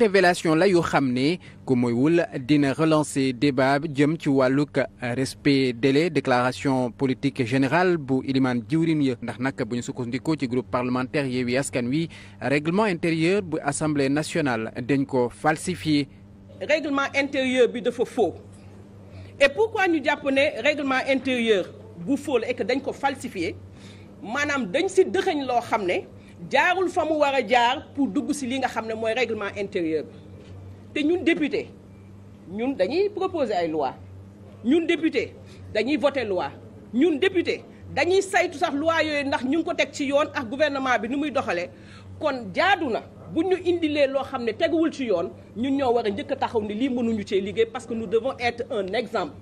révélation la yu xam ne ku moywul dina relancer débat jëm ci wàllug respect délé déclaration politique général bu ilimaan jiwrin ya ndax nag bu ñu sukkandikoo ci groupe parlementaire Yewwi Askan Wi réglement intérieur bu assemblée nationale dañ ko falsifié. réglement intérieur bi dafa faux et pourquoi ñu jàpp ne réglement intérieur bu faux la et dañ ko falsifié maanaam dañ si dëxëñ loo xam ne. jaarul fa mu war a jaar pour dugg si li nga xam ne mooy règlement intérieur bi te ñun député ñun dañuy proposer ay loi ñun député dañuy voter loi ñun député dañuy saytu sax loi yooyu ndax ñu ngi ko teg ci yoon ak gouvernement bi ni muy doxalee kon jaadu na bu ñu indilee loo xam ne teguwul ci yoon ñun ñoo war a njëkk taxaw ni lii mënuñu cee liggéey parce que nous devons être un exemple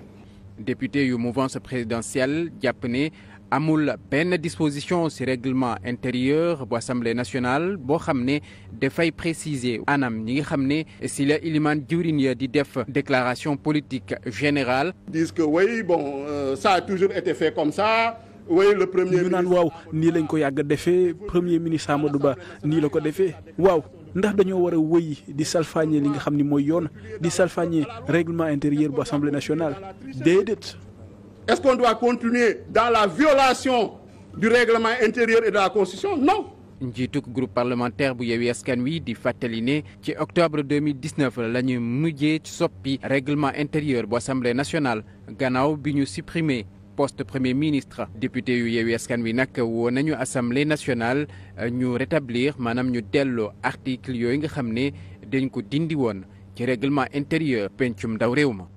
député yu mouvance présidentielle jàpp ne amul benn disposition ci règlement intérieur bu assemblée nationale boo xam ne dafay préciser anam ñi nga xam ne si la ilimaan jiwrin ya di def déclaration politique générale. disent que bon euh, ça a ça. oui le premier naan waaw nii lañ ko yàgg defee premier ministre Amadou Ba nii la ko defee waaw ndax dañoo war a wëy di salfaañe li nga xam ni mooy yoon di salfaañe règlement intérieur bu assemblée nationale déedéet. Est-ce qu'on continuer dans la violation du règlement intérieur et de la Constitution Non. njiitug groupe parlementaire bu Yewwi Askan Wi di fàttali ne ci octobre 2019 la ñu mujjee soppi réglement intérieur bu assemblée nationale gannaaw bi ñu supprimer poste premier ministre député yu Yewwi Askan Wi nag woo nañu assemblée nationale euh, ñu rétablir maanaam ñu delloo article yooyu nga xam ne dañ ko dindi woon ci réglement intérieur pencum ndaw réew ma